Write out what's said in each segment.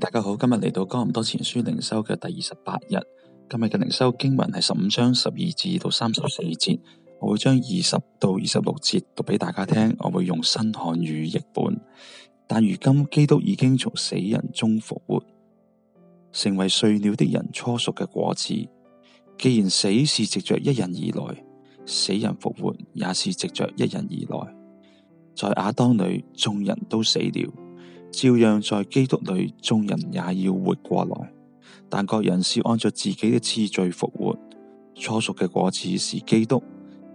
大家好，今日嚟到《哥林多前書靈修》嘅第二十八日。今日嘅靈修經文係十五章十二至到三十四節，我會將二十到二十六節讀俾大家聽。我會用新漢語譯本。但如今基督已經從死人中復活，成為睡了的人初熟嘅果子。既然死是藉着一人而來，死人復活也是藉着一人而來。在亞當裏眾人都死了。照樣在基督裏，眾人也要活過來。但各人是按照自己的次序復活。初熟嘅果子是基督，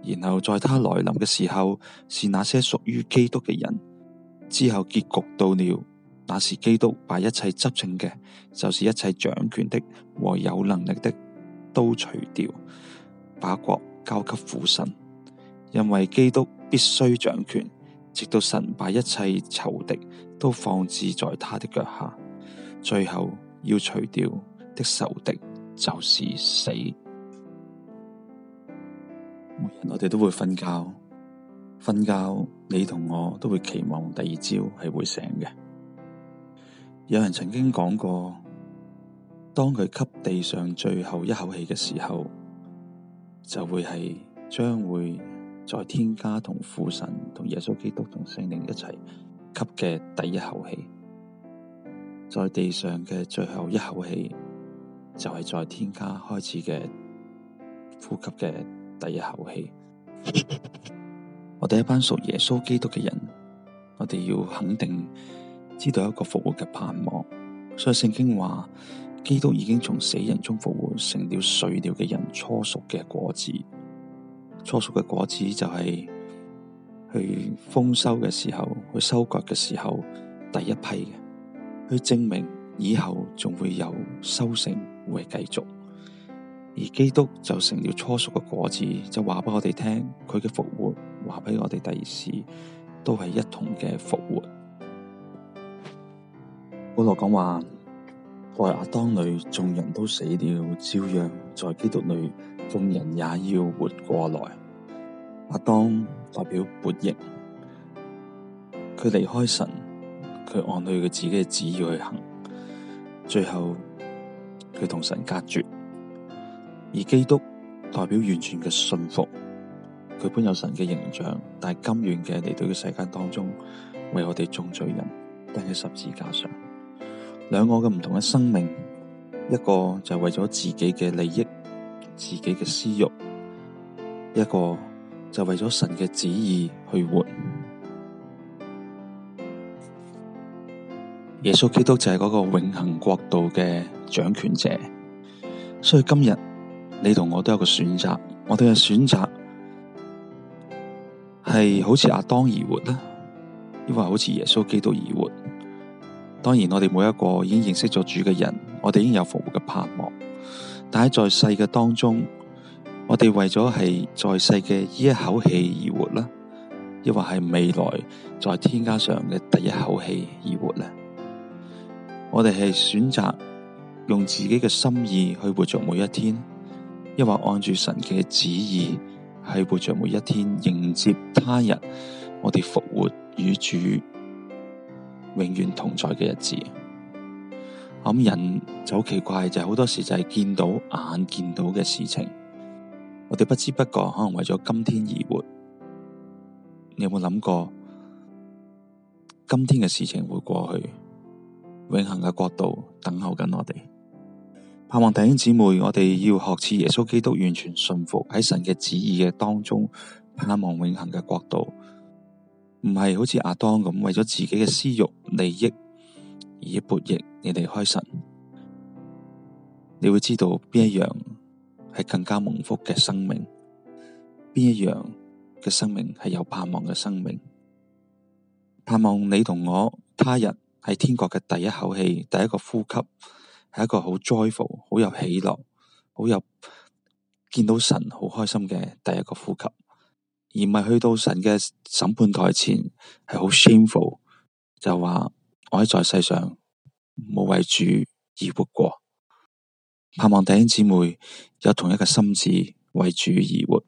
然後在他來臨嘅時候，是那些屬於基督嘅人。之後結局到了，那時基督把一切執政嘅，就是一切掌權的和有能力的都除掉，把國交給父神，因為基督必須掌權，直到神把一切仇敵，都放置在他的腳下，最後要除掉的仇敵就是死。每日我哋都會瞓覺，瞓覺，你同我都會期望第二朝係會醒嘅。有人曾經講過，當佢吸地上最後一口氣嘅時候，就會係將會在天家同父神同耶穌基督同聖靈一齊。吸嘅第一口氣，在地上嘅最後一口氣，就係、是、在天家開始嘅呼吸嘅第一口氣。 我哋一班屬耶穌基督嘅人，我哋要肯定知道一個復活嘅盼望。所以聖經話，基督已經從死人中復活，成了睡了嘅人，初熟嘅果子。初熟嘅果子就係、是。去豐收嘅時候，去收割嘅時候，第一批嘅去證明以後仲會有收成會繼續，而基督就成了初熟嘅果子，就話俾我哋聽佢嘅復活，話俾我哋第二次都係一同嘅復活。保羅講話，在亞當裏眾人都死了，照樣在基督裏眾人也要活過來。亞當。代表悖逆，佢離開神，佢按佢自己嘅旨意去行，最後佢同神隔絕。而基督代表完全嘅信服，佢本有神嘅形象，但係甘願嘅嚟到呢個世界當中，為我哋眾罪人，釘喺十字架上。兩個嘅唔同嘅生命，一個就係為咗自己嘅利益，自己嘅私欲，一個就為咗神嘅旨意去活，耶穌基督就係嗰個永恆國度嘅掌權者，所以今日你同我都有個選擇，我哋嘅選擇係好似阿當而活啦，亦或好似耶穌基督而活。當然，我哋每一個已經認識咗主嘅人，我哋已經有服務嘅盼望，但喺在，在世嘅當中。我哋為咗係在世嘅呢一口氣而活啦，亦或係未來在天家上嘅第一口氣而活呢？我哋係選擇用自己嘅心意去活著每一天，亦或按住神嘅旨意去活著每一天，迎接他日我哋復活與主永遠同在嘅日子。我諗人就好奇怪，就係好多時就係見到眼見到嘅事情。我哋不知不覺可能為咗今天而活，你有冇諗過今天嘅事情會過去？永恆嘅國度等候緊我哋，盼望弟兄姊妹，我哋要學似耶穌基督完全信服喺神嘅旨意嘅當中，盼望永恆嘅國度，唔係好似亞當咁為咗自己嘅私慾利益而叛逆，悖逆你哋離開神。你會知道邊一樣？係更加蒙福嘅生命，邊一樣嘅生命係有盼望嘅生命？盼望你同我他日喺天國嘅第一口氣、第一個呼吸，係一個好 joyful、好有喜樂、好有見到神好開心嘅第一個呼吸，而唔係去到神嘅審判台前係好 shameful，就話我喺在，在世上無為主而活過。盼望弟兄姊妹有同一個心志，為主而活。